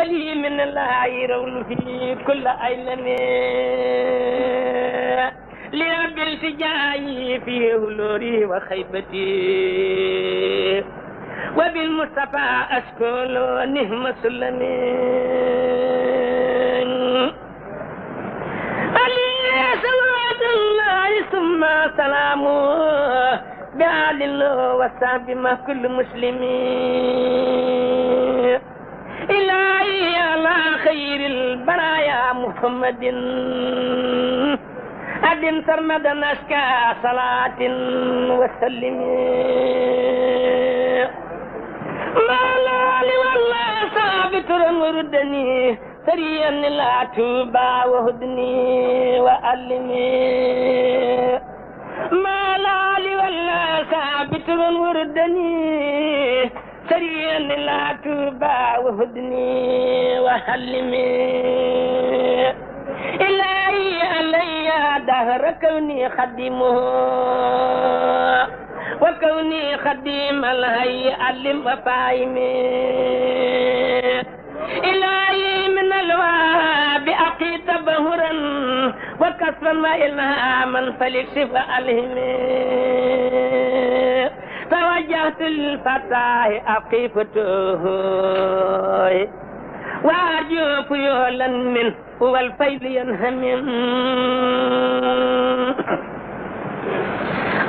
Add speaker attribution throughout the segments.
Speaker 1: بلي من الله يرون في كل أيلم لرب التجاهي في هلوري وخيبتي وبالمصطفى أشكر نهم سلمي
Speaker 2: علي
Speaker 1: الله ثم سلامه بعد الله وصحبه كل مسلمين إلهي على خير البرايا محمد أدم سرمد أشكى صلاة وسلم
Speaker 2: ما لا والله
Speaker 1: ثابت وردني سريا لا توبى وهدني وألمي ما لا والله ثابت وردني تري لا تباع وهدني وهلمي إلهي علي دهر كوني خدمه وكوني خديم الهي علم وفايمي إلهي من الواب أقيد بهرا وكسبا وإلهاما فليكشف ألهمي توجهت الفتاه أقفته وأرجو فيولا منه والفيل ينهم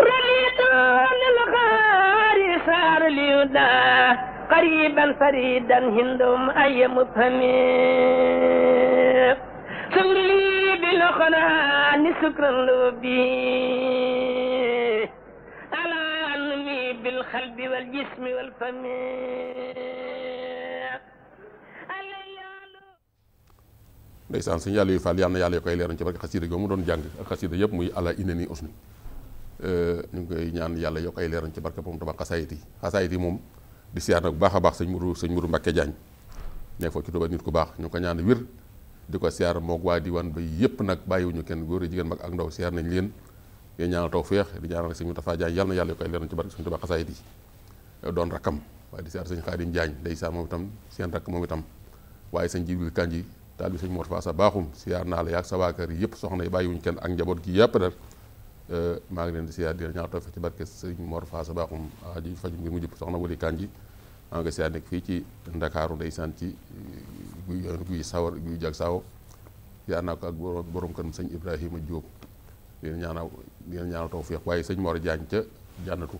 Speaker 1: رميت عن الغار صار اليدا قريبا فريدا هندم أي مفهم سلي لي نسكر لبي بالقلب والجسم والفم
Speaker 3: ndaysan suñu yàlla yu faal yàlla na yàlla yu koy leeroon ci barke xasida googu mu doon jàng ak xasida yëpp muy ala inani usni ñu ngi koy ñaan yàlla yokk koy leeroon ci barke moom tabax xasaayit yi xasaayit yi moom di siyaar nag bu baax a baax sëñ muru sëñ muru Mbàkke Jaañ nekk foofu ci Tuuba nit ku baax ñu ko ñaan wir di ko siyaar moog waa diwaan ba yëpp nag bàyyiwuñu kenn góor jigéen mag ak ndaw siyaar nañ leen koy ya, ñaanal tawféex di ñaanal sëñ Moustapha Diagne yàlla na yàlla koy leeral ci barke sëñ Tuubaa xasaayid yi doon rakam waaye di siyaar sëñ Khadim Diagne ndeysaan moom itam seen rak moom itam waaye sëñ Jibril Kanji taal bi sëñ Moustapha sa baaxum siyaar naa la yaag sa waa kër yëpp soxna yi bàyyiwuñ kenn ak njaboot gi yëpp ya, nag maa ngi leen di siyaar di ñaanal tawféex ci barke sëñ Moustapha sa baaxum aji faj ngir mu jub soxna Wali Kanji maa ngi siyaar nekk fii ci Ndakaaru ndeysaan ci guy guy sawar guy jag sawo siyaar ya, naa ko ak borom kan sëñ Ibrahima Diop di ñaanal di leen ñaanal tawféex waaye sëñ Mor Diagne ca jannatu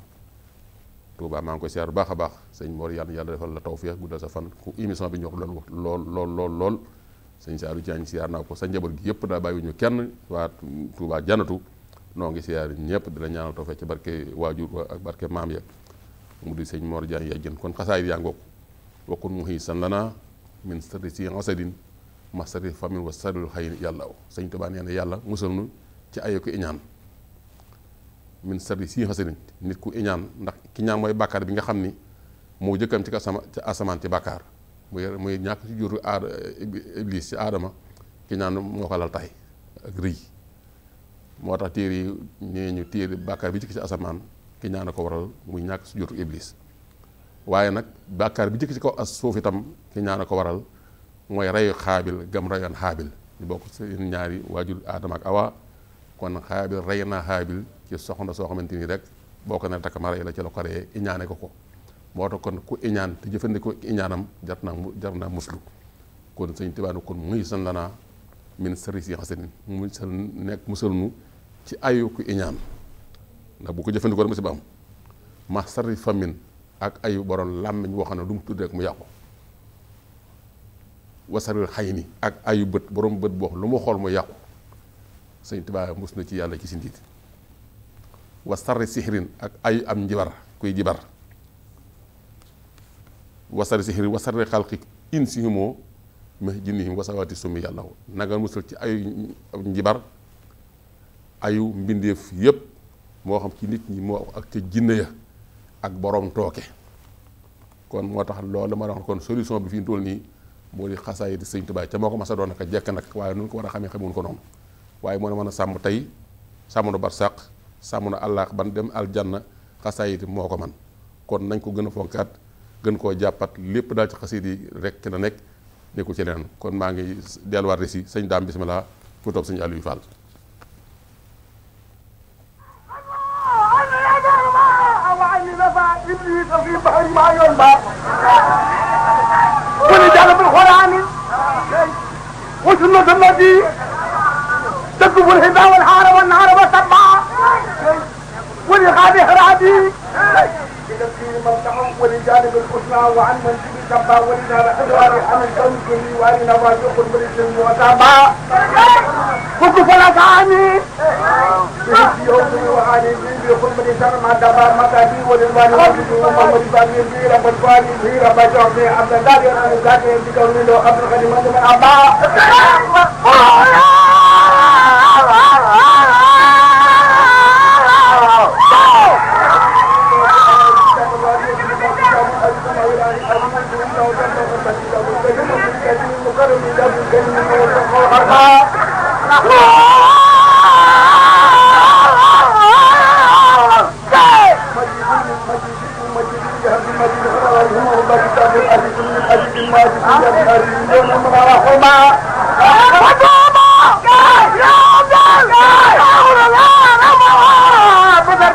Speaker 3: Touba ma ngi ko seer bu baax a Mor yalla yalla defal la tawfiq gudda sa fan ku émission bi ñor lool lool lool lool lool sëñ Saaru Diagne siyaar na ya ko sa njaboot gi yëpp da bayu ñu kenn wa Touba jannatu no ngi siyaar ñëpp di ya la ñaanal tawfiq ci barke wajur ak barke maam ya mu di sëñ Mor Diagne yàjjën kon xasaayit yaa ngoog wakkun muhisan lana min sirri si asadin masari famin wa sarril yalla yàlla aw sëñ Touba nee na yàlla nu ci ayo iñan min sarri sii xasanin nit ku iñaan ndax ki ñaan mooy bàkkaar bi nga xam ni moo jëkkam ci asama ci asamaan ci bàkkaar muy muy ñàkk ci jur aada iblis aadama ki ñaan moo ko lal taay moo tax téere yi ñee ñu bi jëkk ci asamaan ki ñaan ko waral muy ñàkk ci jur iblis waaye nag bàkkaar bi jëkk ci kaw as suuf itam ki ñaan ko waral mooy reyu xaabil gam reyoon xaabil ñu bokk seen ñaari waajur aadama ak awa kon xaabil rey naa xaabil ci soxna soo xamante ni rek boo ko ne takk ma rey la ci la ko reyee iñaane ko ko moo tax kon ku iñaan te jëfandikoo iñaanam jar naa mu jar naa muslu kon sëñ Tuubaa kon muy san lanaa min sëri si xasanin mu sal nekk musal nu ci ayu ku iñaan ndax bu ko jëfandikoo rek musiba am ma sari famin ak ayu borom làmmiñ woo xam ne lu mu tudd rek mu yàqu wasarir xay ni ak ayu bët borom bët boo lu mu xool mu yàqu sëñ Tuubaa mus na ci yàlla ci si ndiit wa sarri ak ayu am njibar kuy jibar wa sarri sixrin wa sarri xalqi insihimoo ma jinnihim wasawaati summi yàlla na nga musal ci ayu njibar ayu mbindeef yépp moo xam ci nit ñi moo ak ca jinne ya ak borom tooke kon moo tax loolu ma wax kon solution bi fi ñu toll nii moo di xasaay di sëñ Tuubaa ca moo ko mas sa doon naka jekk nag waaye nu ko war a xamee xamuñ ko noonu waaye moo ne mën a sàmm tey sàmm nu barsàq samuna allah ban dem aljanna khasayit moko man kon nañ ko gëna fonkat gën ko jappat lepp dal ci rek ci na nek neku ci len kon ma ngi del war resi sëñ dam bismillah ku
Speaker 4: Aliou Fall النبي والحار بغاني حرادي ولجانب الحسنى وعن منسوب الجبا ولنا الحلوان عن الكوكب وارنا ما يقل بالاسم وتابا وكفر ثاني في يوم وعالي يقل بالاسم ما دابا مكاني وللوالي وجدوا ما مجباني في رب الفاني في رب الجعبي عبد الله عن الزاكي بكون له قبل خدمة من أبا آه.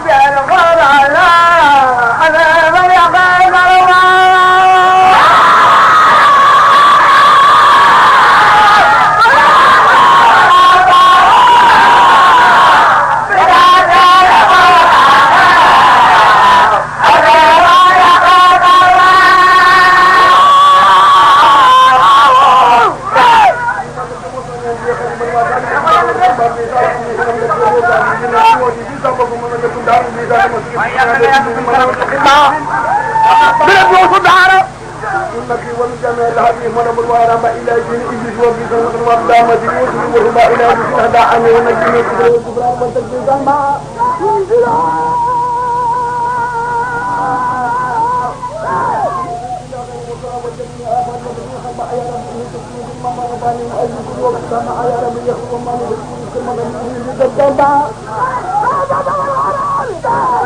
Speaker 4: Yeah! بلد يوصد عرب سنتي والجمال هذه مرب الورم الى جن ابليس وبيسن والدام ديوس وهما الى جن هدى عمي ونجم الكبر والكبرى والتجديد ما تنزلا Thank you.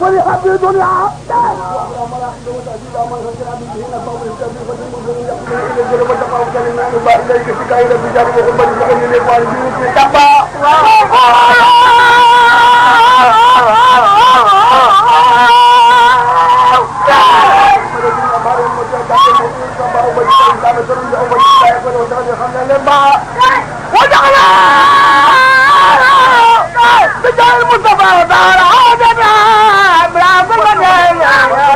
Speaker 4: فرح بدنيا وجعلنا بجاه المصطفى ظهر عادنا Yeah,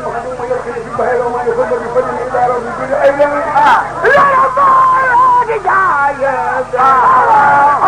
Speaker 4: se Yeah, yeah, yeah.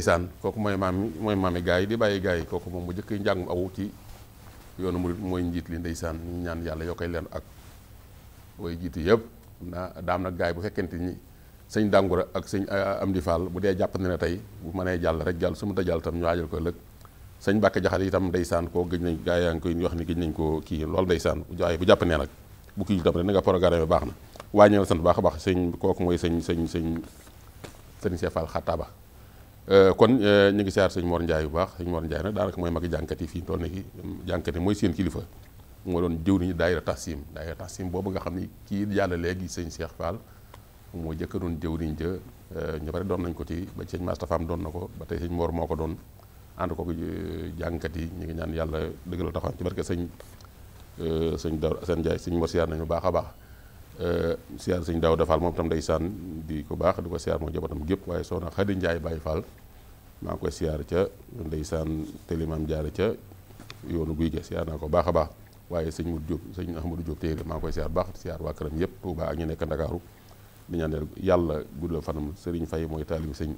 Speaker 3: ndeysaan kooku mooy maam mooy maami gaa yi di bàyyi gaa yi kooku moom mu jëkk njàng aw ci yoonu murit mooy njiit li ndeysaan ñu ñaan yàlla yokkay leen ak way jiitu yëpp naa daam nag gaa yi bu fekkente ni sëñ dàngura ak sëñ ah, ah, Amdi Fall bu dee jàpp na ne tey bu mënee jàll rek jàll su ma ta jàll tam ñu waajal ko ëllëg sëñ Mbàkke Jaxate itam ndeysaan koo gëj nañ gaa yaa ngi koy wax ni gëj nañ koo kii lool ndeysaan jaay bu jàpp nee nag bu kii tam rek na nga programme baax na waaye ñëwal sant baax a baax sañ kooku mooy sañ sañ sëñ sëñ Cheikh Fall Euh, kon euh, ñu ngi siyaar sëñ Mor Ndiaye bu baax sëñ Mor Ndiaye nag daanaka mooy magi jànkat yi fii toll nii mm, jànkat yi mooy seen kilifa moo doon jëw niñu daayira Tassim daayira Tassim boobu nga xam ni kii jàll léegi sëñ Cheikh Fall moo jëkka doon jëw niñ jë euh, ñu bari doon nañ ko ci ba sëñ Mastafa am doon na ko ba tey sëñ Mor moo ko doon ànd ko jànkat yi ñu ngi ñaan yàlla dëggal taxaw ci barke sëñ sëñ Daw sëñ Ndiaye sëñ Mor siyaar nañu baax a baax Euh, siyaar sëñ Daawda Fall moom tam day sànn di ko baax du ko siyaar moo jabatam gépp waaye soo soxna Xadi Njaay bàyyi faal maa ngi koy siyaar ca day sànn telimaam jaare ca yoonu guy ga siyaar naa ko baax a baax waaye sëñ Modou Diop sëñ Ahmadou Diop téye maa ngi koy siyaar baax siyaar waa këram yëpp Tuubaa ak ñu nekk Ndakaaru di ñaanal yàlla guddal fanam sëriñ Faye mooy taalibi sëñ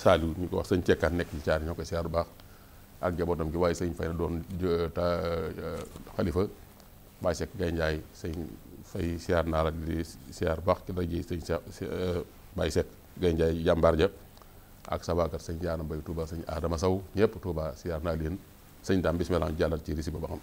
Speaker 3: Saliou ñu ko wax sëñ Cekkaan nekk ci caar ñoo koy siyaar baax ak jabootam gi waaye sëñ Faye doon euh, xalifa Baay Sekk Gaye fay siyaar naa la di siyaar baax ci daje sëñ eh, Baye Seck Gaye Ndiaye jàmbaar ja ak sabakat sëñ Jaana Mbay Touba sëñ aadama Saw ñëpp Touba siyaar naa leen sëñ daam bismillah jàllal ci risi ba ba xam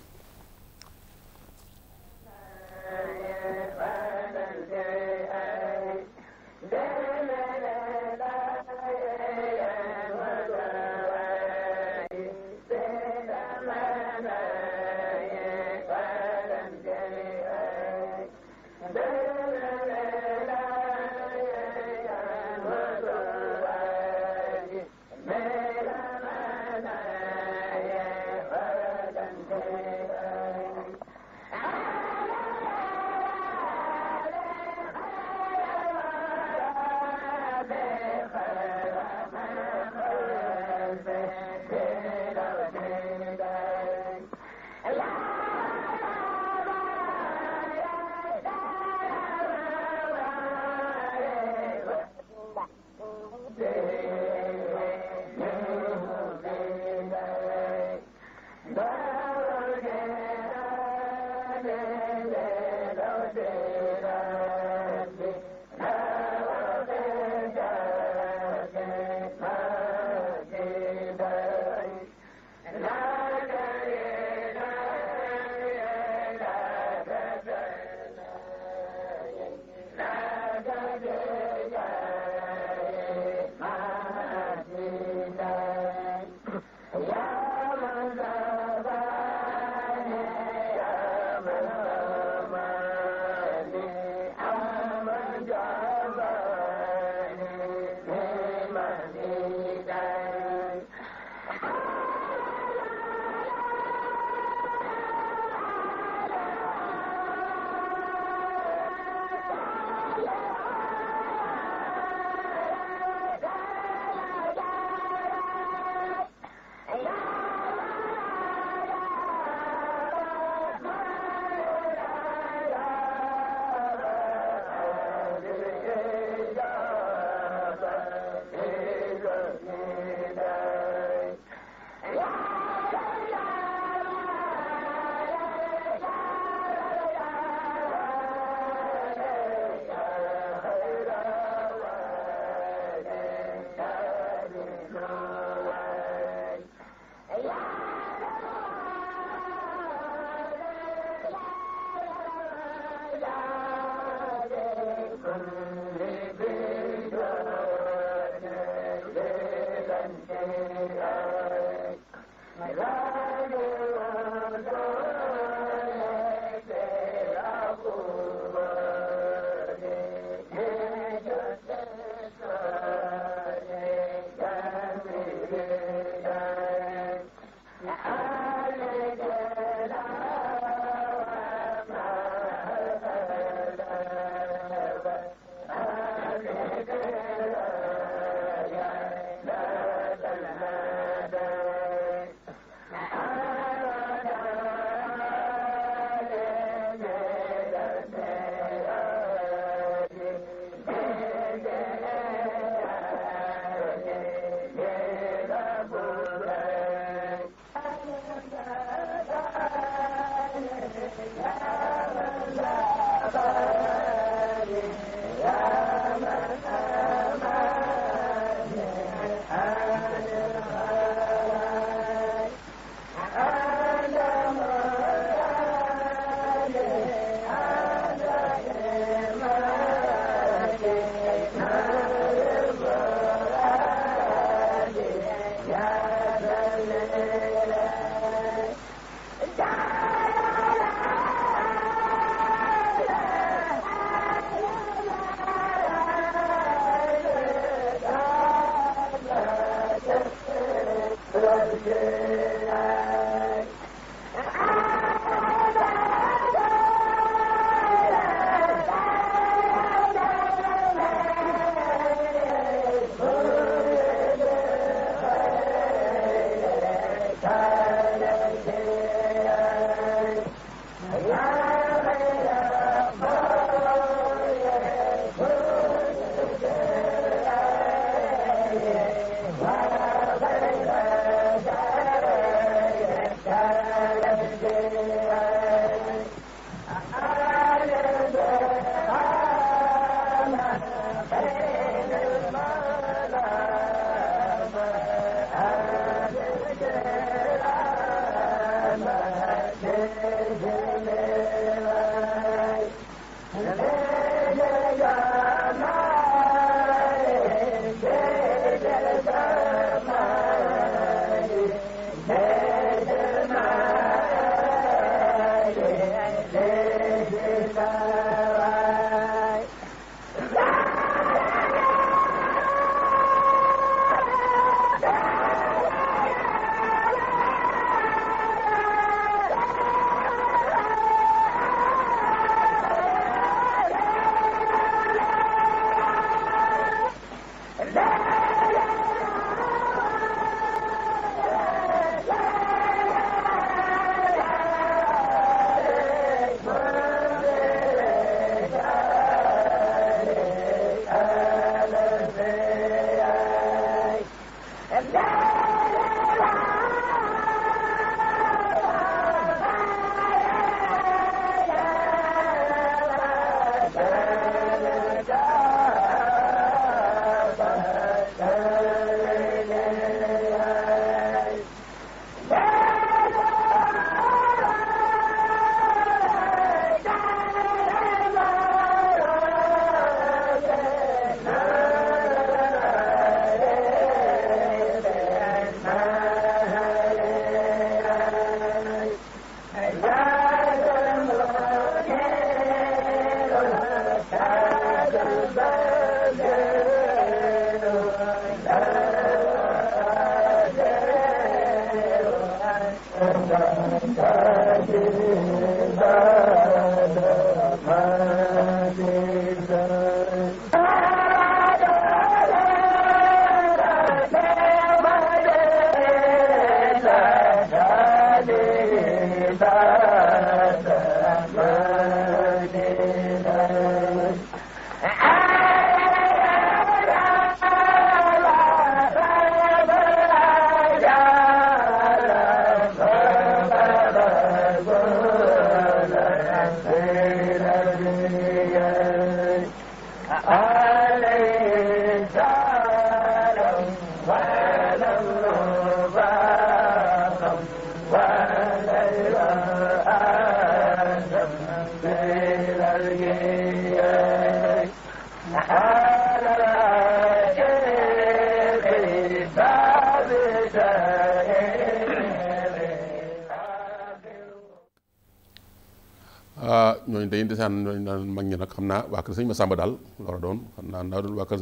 Speaker 3: ñooñu day ndesaan ñooñu naan mag ñi nag xam naa waa kër sëñ Massamba daal loola doon xam naa doon waa kër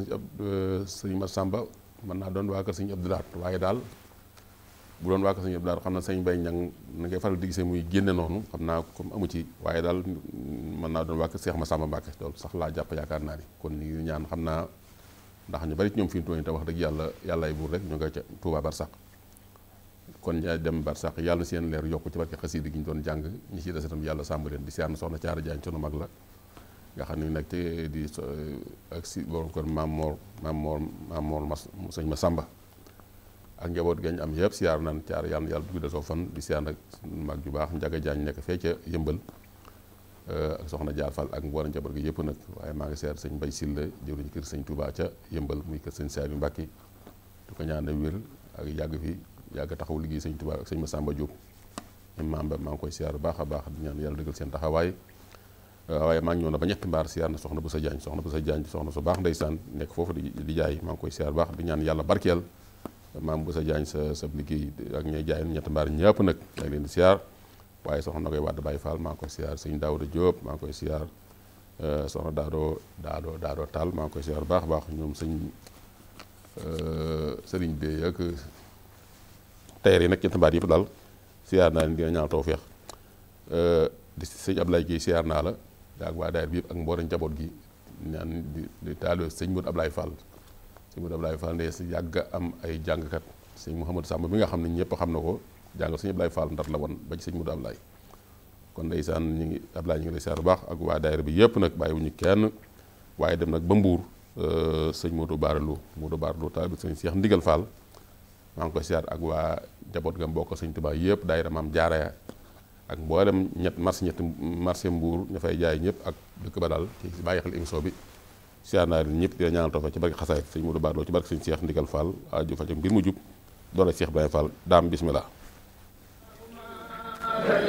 Speaker 3: sëñ Massamba mën naa doon waa kër bu doon kër Ñang na ngay faral di gisee muy génne noonu xam comme amu ci man na doon waa Cheikh Seex Mbacke Mbàkke loolu sax laa jàpp yaakaar naa ni kon ñu ñaan xam naa ndax ñu bari ci ñoom fi ñu toll te wax dëgg yàlla ay buur rek ñu nga ca Touba sax kon ñaa dem Barsax yàlla na seen leer yokk ci barke xasida gi ñu doon jàng ñi ci des itam yàlla sàmm leen di siyaar na soxna Caara ci sunu mag la nga xam ne nag te di ak si borom kon maam Mor maam Mor maam Mor Mas sëñ Masamba ak njaboot gañ am yëpp siyaar naan Caara yàlla na yàlla dugg de soo fan di siyaar nag mag ju baax Njaga Jaañ nekk fee ca yëmbal Eh, ak soxna jaar fall ak ngor njabar gi yëpp nag waaye maa ngi seigne sëñ sille jeul jëwriñ keur seigne Touba ca yembal muy kër seigne sabi Mbàkke di ko ñaan wër ak yag fi yag taxaw liggéey seigne Touba ak sëñ Masamba djop imam ba ma eh, ngi koy siyaar bu baax di ñaan yalla dëggal seen taxaway waye ma ngi ñu na ba ñetti mbar siyaar na soxna bu sa jaañ soxna bu sa jaañ soxna su baax ndeysaan nek fofu di jaay ma ngi koy siyaar baax di ñaan yalla barkel maam bu sa jaañ sa sa liggéey ak ñay jaay ñetti mbar ñepp nak maa leen di waaye soxna na koy wadd Baye Fall maa ngi koy siyaar sëñ Daouda Diop maa ngi koy siyaar euh, soxna Daado Daado Daado Tall maa ngi koy siyaar baax baax ñoom sëñ euh, sëriñ bi ak tayer yi nag ci tambaar yëpp daal siyaar naa leen dina ñaanal tawfeex euh, di sëñ Ablaye Guèye siyaar naa la ak waa daayir bi yëpp ak mboolem njaboot gi ñaan di di sëñ Modou Ablaye Fall sëñ Modou Ablaye yàgg am ay jàngkat sëñ Mouhamadou sàmm bi nga xam ne ñëpp xam na ko jàngal sëñ Ablaye Fall ndar la woon ba ci sëñ Modou Ablaye kon ndeysaan ñu ngi Ablaye ñu ngi lay seer bu baax ak waa daayira bi yëpp nag bàyyiwuñu kenn waaye dem nag ba Mbour euh, sëñ Modou Baaralou Modou Baaralou taal bi sëñ Cheikh Ndigal Fall maa ngi ko seer ak waa jabot gam bokk sëñ Tuubaa yëpp mam maam ya ak mboolem ñet mars ñet marché Mbour ñu fay jaay ñëpp ak dëkk ba dal ci baye xel émission bi siyaar naa leen dina ñaanal tofa ci barki xassay sëñ mudou Baaralou ci barki sëñ Cheikh Ndigal Fall aju fa ci mbir mu jub doole Cheikh Ibrahima Fall dam bismillah Thank you.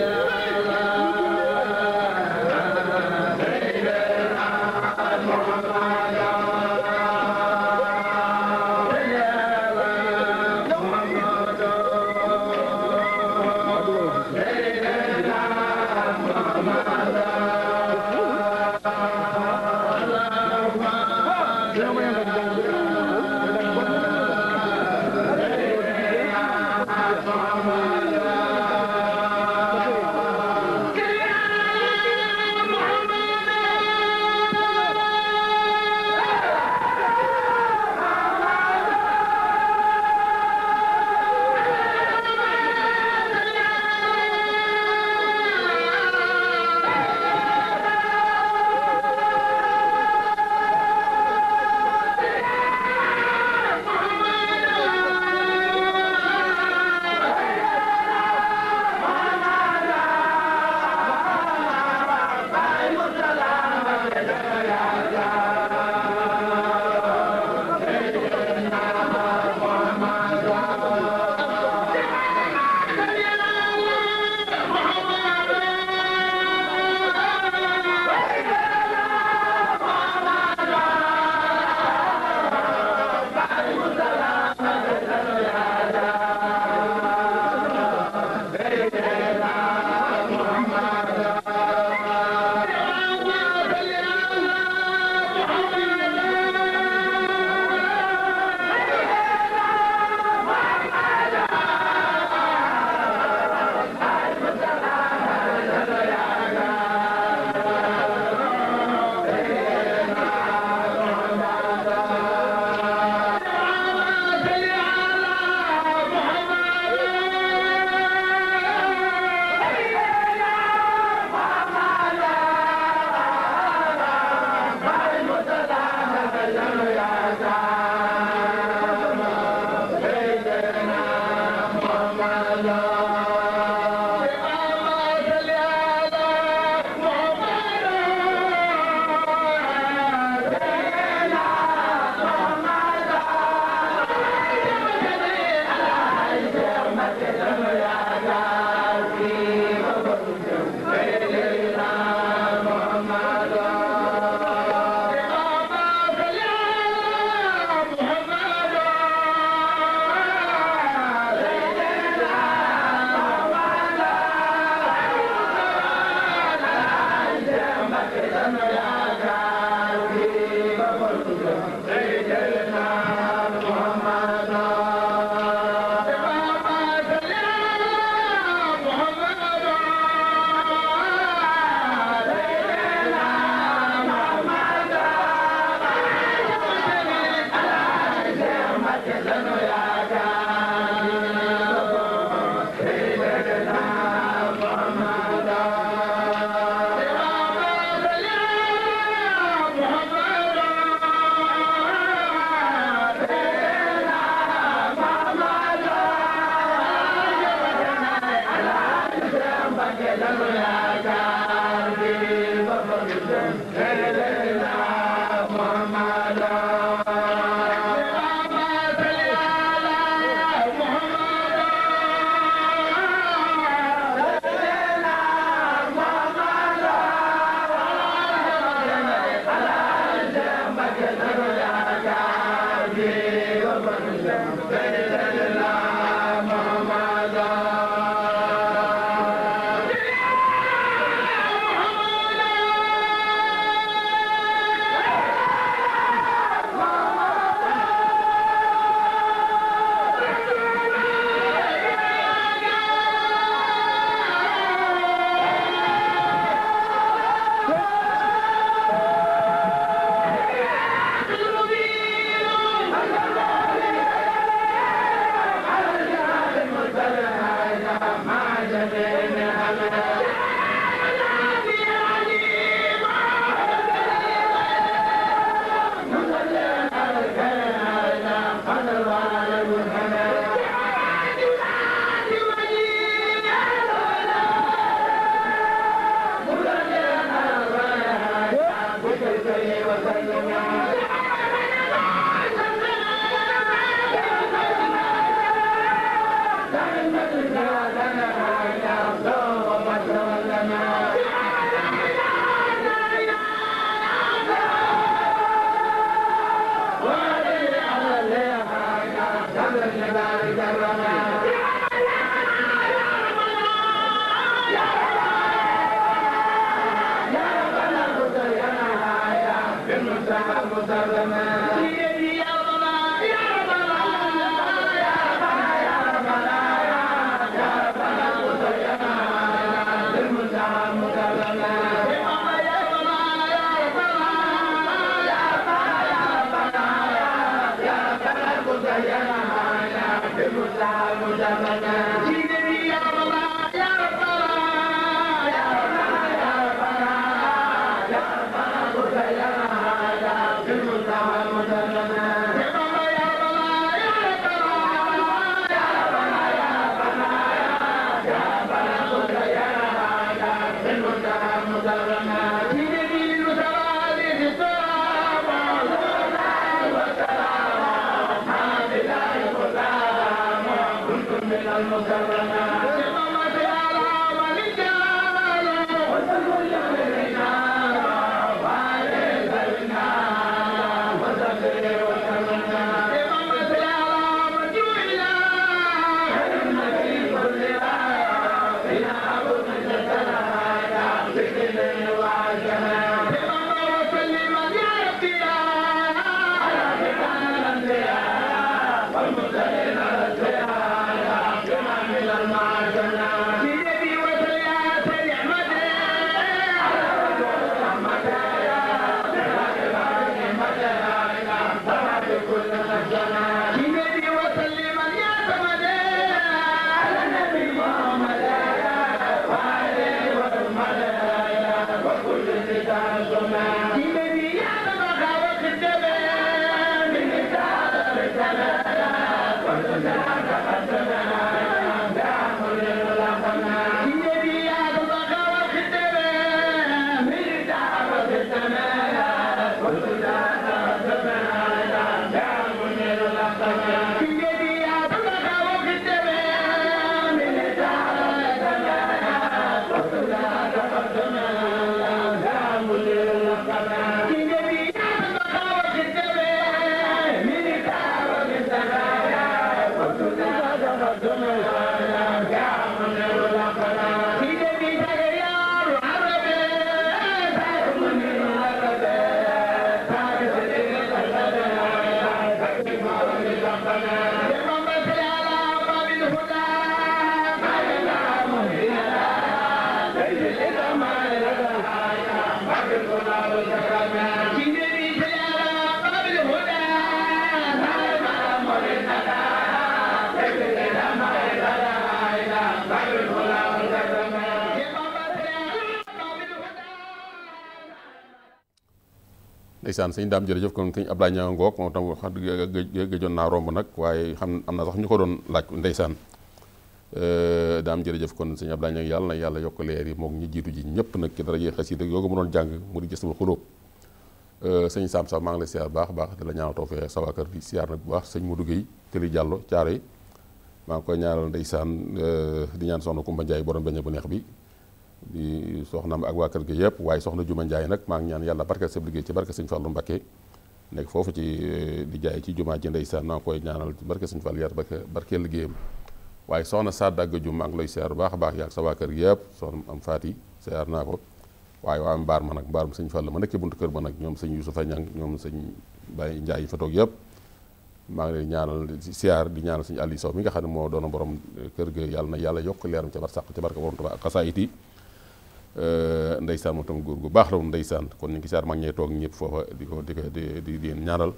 Speaker 4: المدن لنا
Speaker 3: ndeysaan sëñ daam jërëjëf kon sëñ Ablaye ñaa ngoog moom tam wax gëjoon naa romb nag waaye xam am na sax ñu ko doon laaj ndeysaan euh, daam jërëjëf kon sëñ Ablaye ñaa yàlla na yokk leer yi moog ñu jiitu ji ñëpp nag ci daraje xasida yooga mu doon jàng mu di gëstul xulóob euh, sëñ Sam Sam maa ngi lay siyaar baax baax di la ñaanal too fee sa waa kër bi siyaar nag bu baax sëñ Modou Guèye Tëli Diallo Thiaré maa ngi koy ñaanal ndeysaan euh, di ñaan soxna Kumba Njaay borom beñe bu neex bi di soxnaam ak waa kër gi yëpp waaye soxna Juma Njaay nag maa ngi ñaan yàlla barka sa liggéey ci barka sëñ Fallu foofu ci eh, di jaay ci jumaa ji ndeysaan maa ngi koy ñaanal barke sëñ Fallu yar barke barkeel liggéeyam waaye soxna Sadak Jum maa ngi lay siyaar bu baax a baax yaa sa waa kër gi yëpp soxna am Faati siyaar naa ko waaye waa mbaar ma nag mbaarum sëñ Fallu ma nekk buntu kër ba nag ñoom sëñ Yusufa Ñang ñoom sëñ Baye Njaay yi fa toog yëpp maa ngi lay ñaanal siyaar di ñaanal sëñ Aliou Sow mi nga xam ne moo doona borom kër ga yàlla na yàlla yokk leeram ca bar Eh, ndeysaan moom tam góor gu baax la kon ñu ngi siyaar mag ñee toog ñëpp di ko di di di ñaanal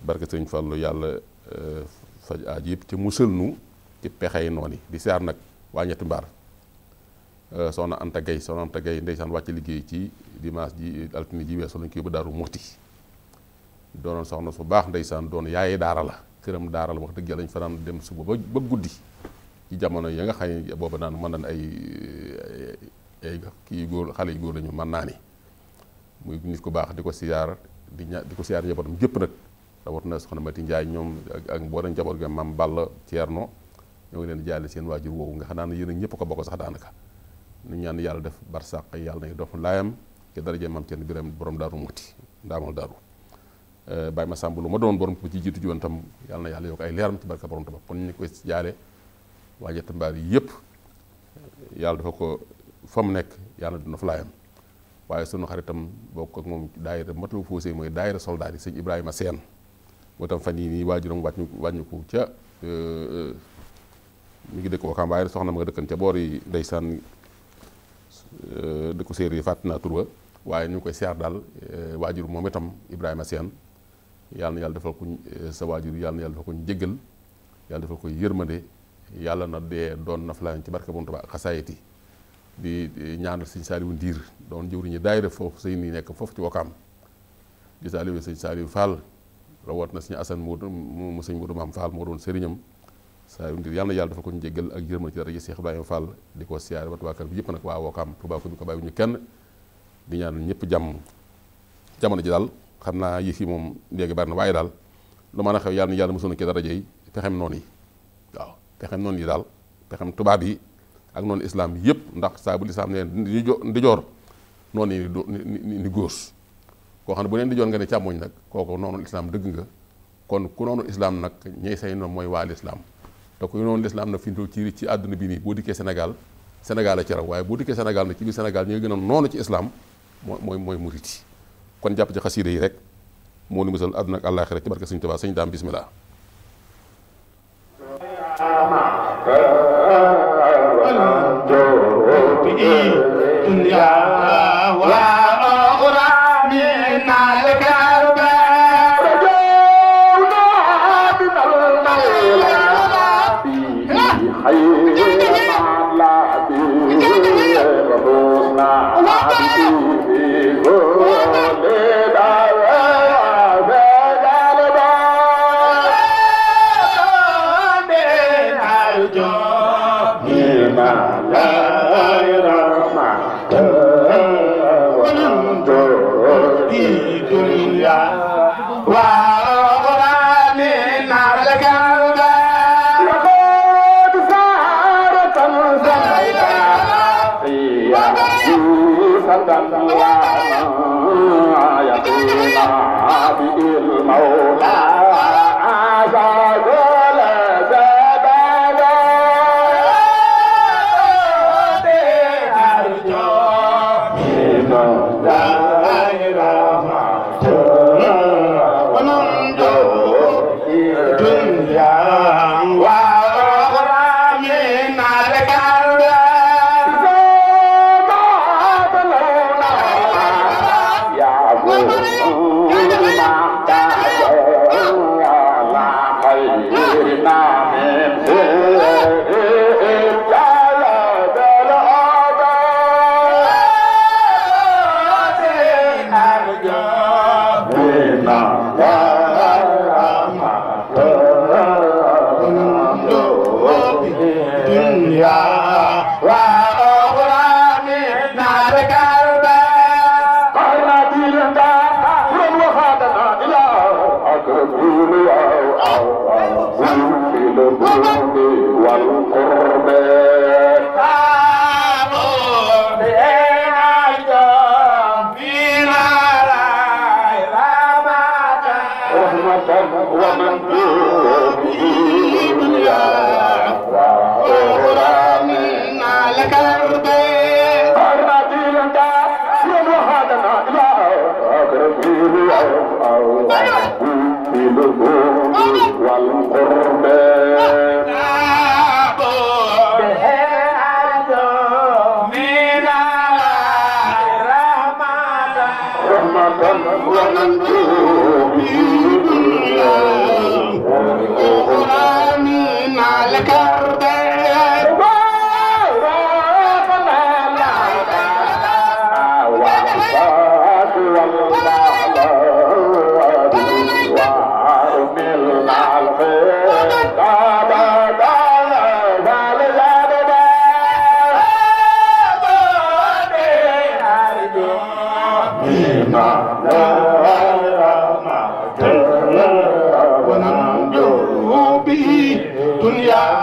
Speaker 3: barke sëñ Fallou yàlla eh, faj ajib ci musul nu ci pexey noni di siyaar nak wañatu ñetti euh sona Anta gay sona Anta gay ndaysan wacc liggey ci dimanche ji altini ji wessu lañ koy bu daru Muxti doonoon soxna su bax ndaysan doon yaay daara la këram daara la wax deug lañ fa dem su ba ba guddi ci jamono ya nga xay bobu nan man nan ay ay kii góor xale yu góor lañu mën naa ni muy nit ku baax di ko siyaar di ña di ko siyaar njabootam gépp nag rawatina soxna Mati Njaay ñoom ak mboolem njaboot ga maam Balla Thierno ñoo ngi leen di jaale seen waajur woowu nga xam naa ne yéen a ñëpp ko bokk sax daanaka ñu ñaan yàlla def barsàq yàlla nañu dof laayam ci daraje maam Thierno Birame borom daaru muuti ndaamal daaru bàyyi ma sàmb lu ma doon borom ko ci jiitu jiwoon tam yàlla na yàlla yokk ay leeram ci barka borom tam kon ñu koy jaale waa Njattambaar yi yëpp yàlla dafa ko fa mu nekk yàlla dina fa laayam waaye sunu xaritam bokk ak moom daayira matalu foosé mooy daayira soldat yi sëñ Ibrahima Seen moo tam fan yii nii waajuram wàññi wàññi ko ca euh, euh, mi ngi dëkk Wakaam waaye soxna ma nga ca boor yi ndeysaan euh, dëkku séeréer fàtt naa tur ñu koy seer daal waajur moom itam Ibrahima Seen yàlla na yàlla defal ko sa waajur yàlla na yàlla defal ko ñu jéggal yàlla defal ko yërmande yàlla na dee doon na fa laayam ci barke Borom Tuubaa ak yi di ñaanal sëñ Saliou Ndiir doon jëwriñu daayira foofu sëñ nii nekk foofu ci Wakaam di Saliou sëñ Saliou Fall rawaat na sëñ Assane moo mu sëñ Modou Maam Fall moo doon sëriñam Saliou Ndiir yàlla na yàlla dafa ko ñu jéggal ak yërmal ci daraja Cheikh Ibrahima Fall di ko siyaare wat waa kër bi yëpp nag waa Wakaam Touba ko bi ko bàyyi ñu kenn di ñaanal ñëpp jam jamono ji daal xam naa yëf yi moom léegi bari na waaye daal lu ma a xew yàlla na yàlla mosoon na ci daraja yi pexem noonu ak noonu islam yëpp ndax saa bu lislaam ne di ndijoor noonu yi ni ni góos koo xam ne bu neen ndijoor nga ne càmmoñ nag kooku noonu islam dëgg nga kon ku noonu islam nag ñey say noonu mooy waa lislaam te ku noonu lislaam nag fi ñu ci ci àdduna bi nii boo dikkee Sénégal Sénégal a ci raw waaye boo dikkee Sénégal nag ci biir Sénégal ñu ngi gën a noonu ci islam mooy mooy mooy murit kon jàpp ci xasiida yi rek moo nu musal àdduna ak àllaaxira ci barke Sëñ Tuubaa sëñ daam bismillah
Speaker 5: Hallelujah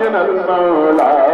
Speaker 5: न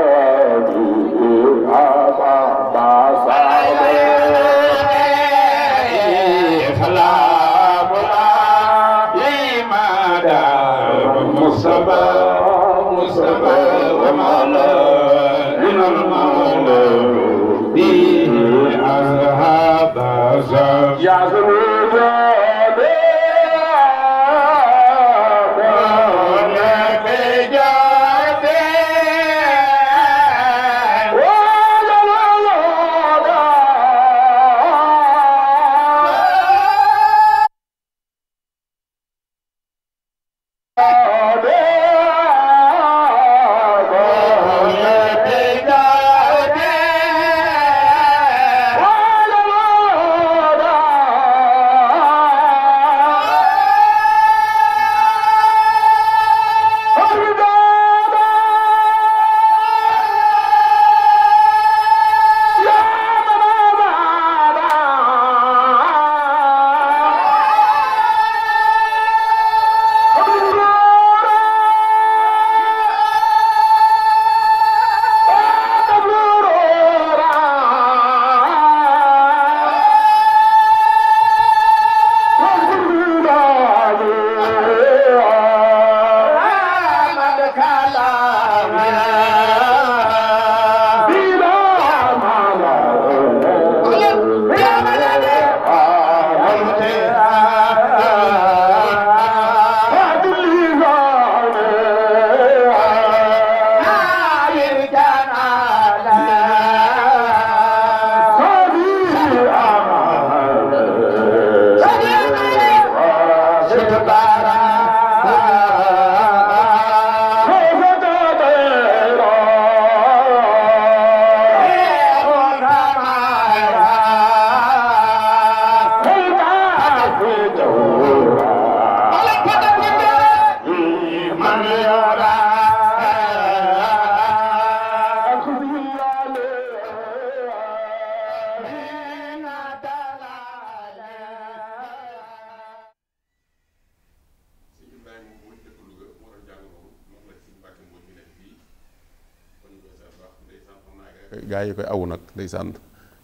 Speaker 3: gaa yi koy awu nag ndeysaan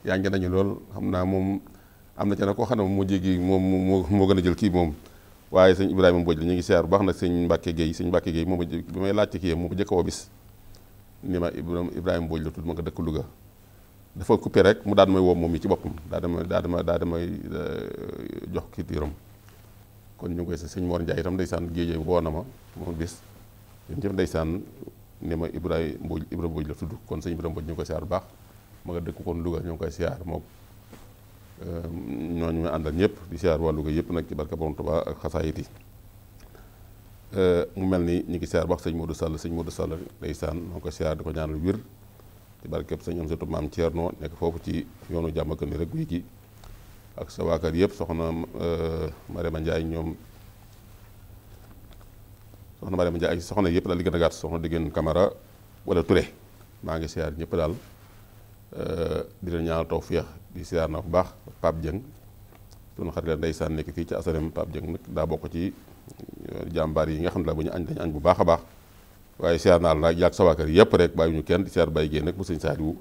Speaker 3: yaa ngi nañu lool xam naa moom am na ci nag koo xam ne moom mujj gi moom moo gën a jël kii moom waaye sëñ Ibrahima Mbodj la ñu ngi siyaar bu baax nag sëñ Mbacke Guèye sëñ Mbacke Guèye moom bi may laajte kii moom jëkk woo bis ni ma Ibrahima Mbodj la tudd ma nga dëkk Louga dafa coupé rek mu daan may woo moom yi ci boppam daa dama daa dama daa damay euh, jox kii tiiram kon ñu ngi koy sëñ Mor Ndiaye tam ndeysaan géejee woo na ma moom bis ñun ñëpp ndeysaan ne ma Ibrahima Mbodj Ibrahima Mbodj la tudd kon sëñ Ibrahima Mbodj ñu ngi koy siyaar baax ma nga dëkk kon Louga ñu koy siyaar moom ñooñu ma àndal ñëpp di siyaar waa Louga yëpp nag ci barka Borom Tuubaa ak xasaayit yi mu mel ni ñu ngi siyaar baax sëñ Modou Sall sëñ Modou Sall ndeysaan moo ngi koy siyaar di ko ñaanal wér ci barkeb sëñ am surtout maam noo nekk foofu ci yoonu jàmm ak ni rek guy gi ak sa waakar yëpp soxna eh, Marema Ndiaye ñoom soxna Mariama Ndiaye ak soxna yëpp daal li gën a gàtt soxna diggéen Camara wala Touré maa ngi siyaar ñëpp daal euh, di leen ñaanal tawfeex di siyaar na bu baax Pape Dieng sunu xarit la ndeysaan nekk fii ci asanem Pape Dieng nag daa bokk ci euh, jàmbaar yi nga xam ne la bu ñu añ dañu añ baax a baax waaye siyaar naa la yàgg sa waa kër yëpp rek ñu kenn di siyaar Baye Guèye nag mu sëñ Saliou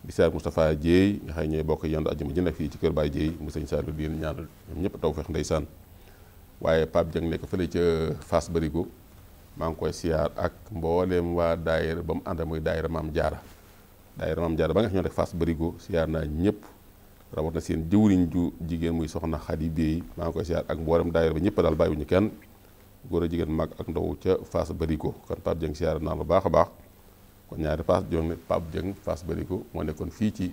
Speaker 3: di siyaar Moustapha Dieye nga xam ne ñooy bokk yendu ajuma fii ci kër Baye Dieye mu sëñ Saliou di leen ñaanal ñoom ñëpp tawfeex ndeysaan waaye Pape Dieng nekk fële ca Fass Barigo maa ngi koy siyaar ak mbooleem waa daayira ba mu ànd muy daayira maam jaara daayira maam jaara ba nga xam ne rek fas barigo siyaar naa ñëpp rawat na seen jëwriñ ju jigéen muy soxna xadi bi maa ngi koy siyaar ak mbooleem daayira ba ñëpp daal ñu kenn góor a jigéen mag ak ndaw ca fas barigo kon Pape Dieng siyaar naa lu baax a baax kon ñaari fas Dieng ne Pape Dieng fas barigo moo nekkoon fii ci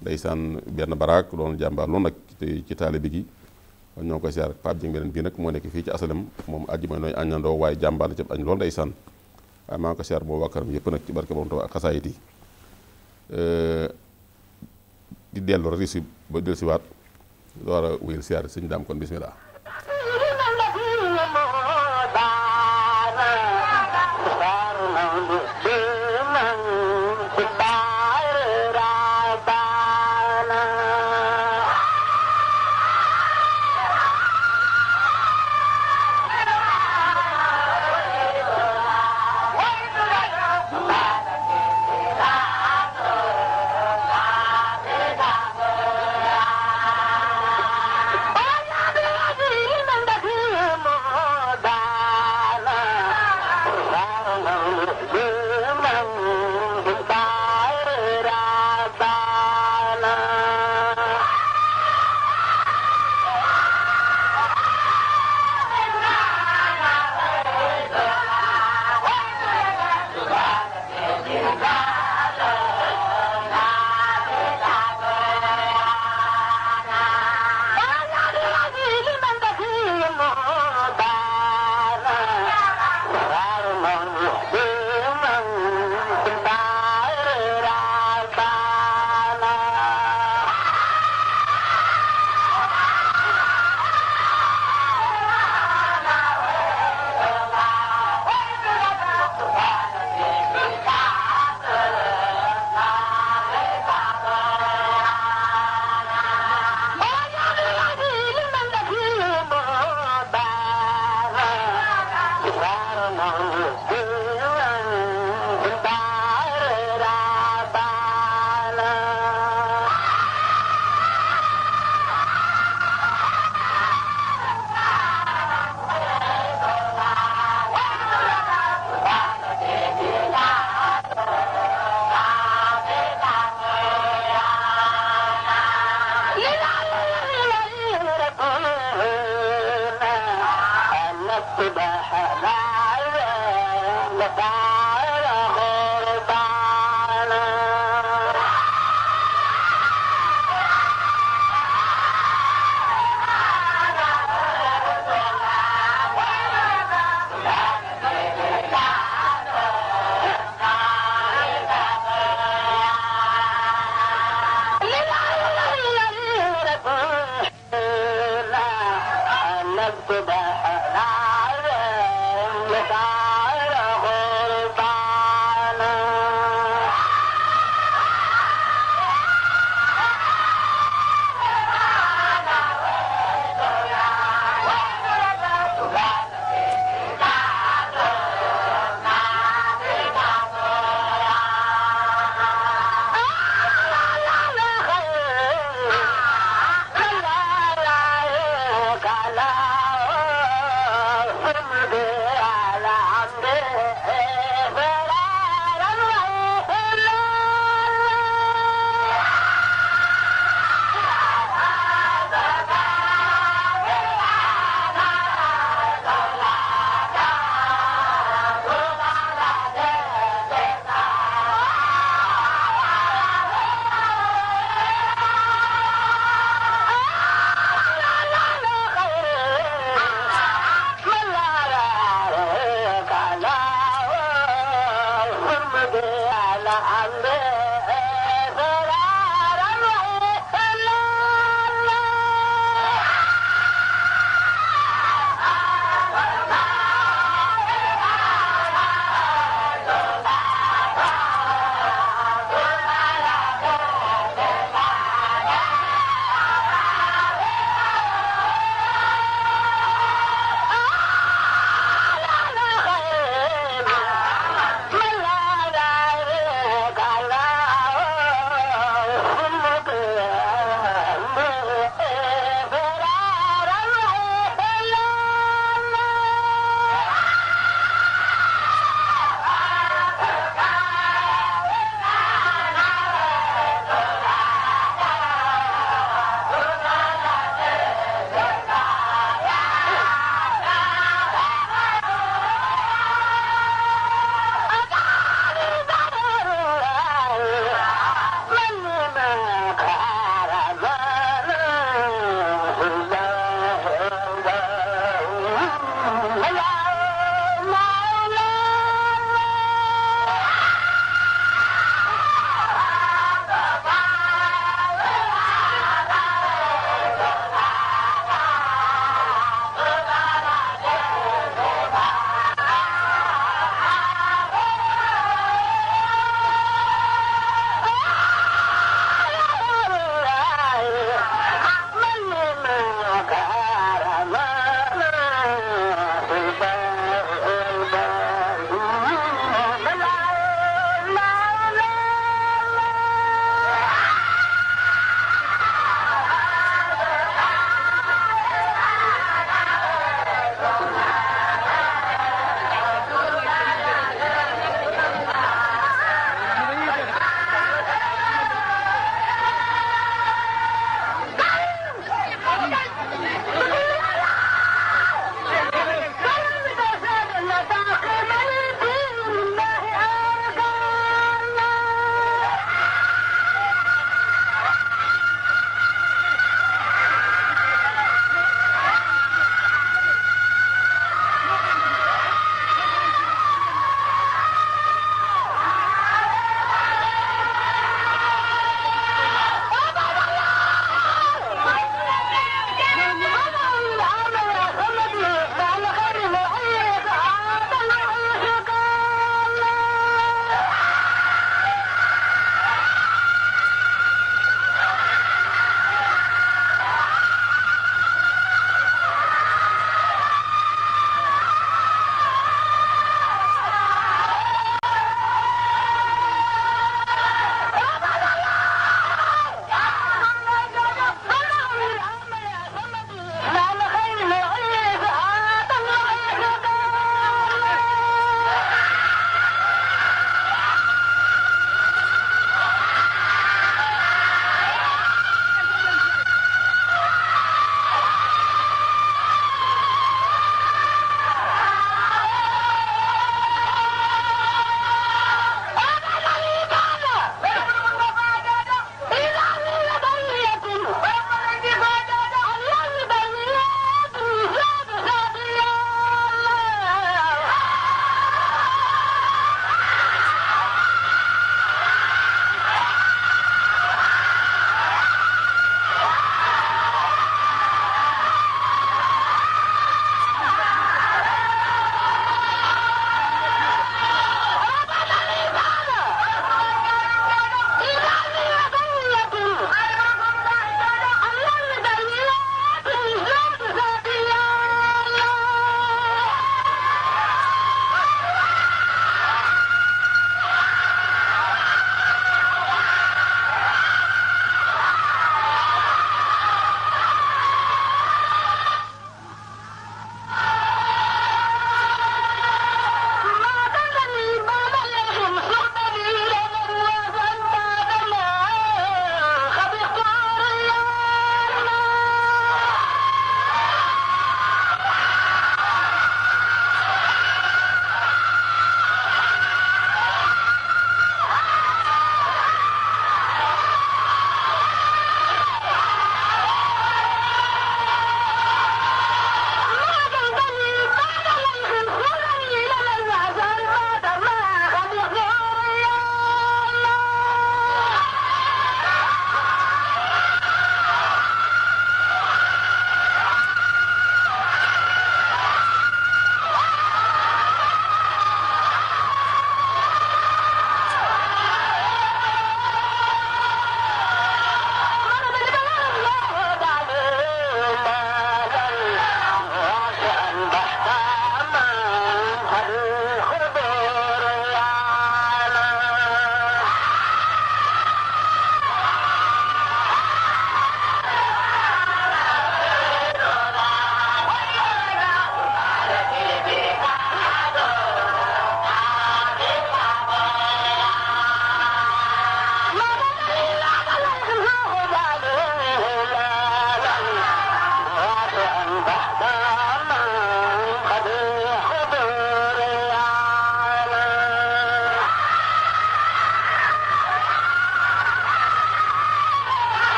Speaker 3: ndeysaan benn baraak loolu jàmbaar loolu nag ci taalibe gi kon ñoo ngi koy siyaar Pape Dieng beneen nag moo nekk fii ci asalam moom àjjuma nooy aññandoo waaye jàmbaar la ci añ loolu ndeysaan waaye maa ngi ko siyaar boobu wàkkaram yëpp nag ci barke borom a ak xasaayit yi di dellu rek si ba dellusiwaat door a wéyal siyaar sëñ daam kon bismillah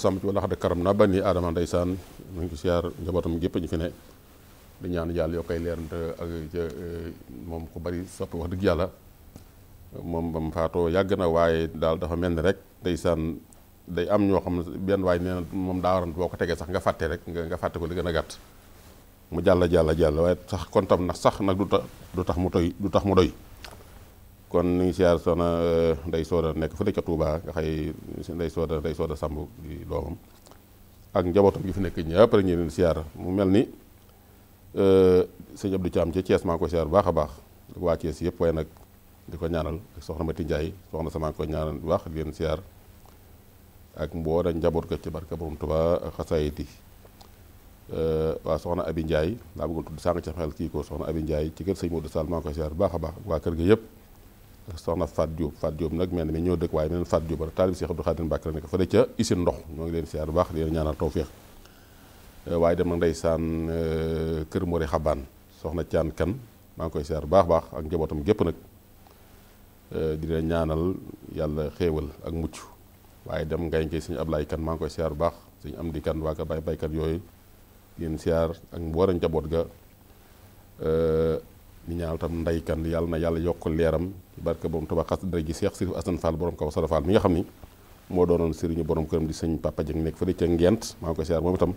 Speaker 3: sàmm ci wala xade karam na bani aadama ndaysan mu ngi siar njabotam gep ñu fi ne di ñaan yalla yoo koy leerante ak ci mom ku bari sopp wax deug yalla mom bam faato yag na waye dal dafa mel rek ndaysan day am ño xam ben waay neena mom da waran boko tege sax nga fatte rek nga fatte ko li gëna gatt mu jalla jalla jalla way sax kontam nak sax nak du tax du tax mu toy du tax mu doy kon ñu ngi siyaar soxna euh, Ndeye Soda nekk fële ca Touba nga xay Ndeye Soda Ndeye Soda Samb di fi nekk ñëpp rek ñu siyaar mu mel ni euh, sëñ Abdou Thiam ci Thiès maa ngi koy siyaar bu baax a baax waa Thiès yëpp waaye nag di ko ñaanal soxna Mati njaay soxna sama ko ñaanal bu baax di leen siyaar ak mboolem njaboot ko ci barka borom Touba ak xasaayit yi euh, waa soxna Abi Ndiaye laa bëggoon tudd sànq ca xel kii ko soxna Abi Ndiaye ci kër sëñ Modou Sall maa ngi koy siyaar baax a baax waa kër gi yëpp. soxna Fatou Diop Fatou Diop nak melni ñoo dekk way melni Fatou Diop talib Cheikh Abdou Khadim Mbacke la nekk fële ca usine ndox ñoo ngi leen siyaar bu baax di leen ñaanal tawfiq eh, waaye dem nag ndeysaan eh, kër Mori Xabaan soxna tian Kan ma ngi koy siyaar bu baax baax ak njabootam gep nak eh, di leen ñaanal yalla xewal ak muccu waye dem ngay kay seigne ablay Kan ma ngi koy siyaar bu baax sëñ Amdi Kan waa ka bay baykat yooyu yéen siyaar ak mboolem jabot ga euh ni ñaanal tam ndeykan yalla na yalla yokul leram barke borom Tuubaa xas dara ji Seex Sirif Asan Fall kaw Sara mi nga xam ni moo doonoon sëriñu borom këram di sëñ Papa Dieng nekk fële ca Ngent maa ngi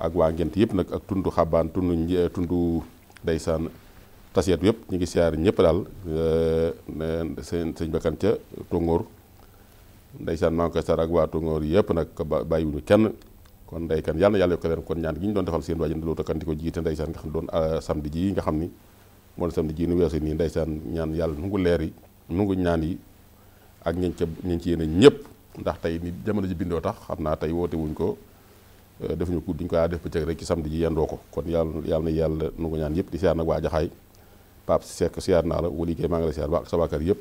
Speaker 3: ak waa Ngent yëpp nag ak tundu xabaan tundu tundu taseet yëpp ñu ngi siyaar ñëpp daal eh, seen sëñ bakkan ca Tongoor ndeysaan maa ngi koy siyaar ak waa Tongoor yëpp nag bàyyiwuñu kenn kon ndeykan yàlla yàlla yokk leen kon ñaan gi ñu doon defal seen waajur Ndeye Lo Kane di ko jiite ndeysaan nga xam doon ah, samedi ji nga xam ni moo samedi di nu weesu ni ndaysan ñaan yàlla nungu leer yi nungu ñaan yi ak ñi ci ñi ci yene ñepp ndax tay ni jamono ji bindo tax xamna tay wote wuñ ko euh, ñu ko diñ ko ya def ci rek ci samedi ji yando ko kon yalla yalla na yàlla nungu ñaan yëpp di siyaar nag waa jaxaay Pape Seck siyaar naa la wuli ke ma nga la siyaar ba ak sabakar yëpp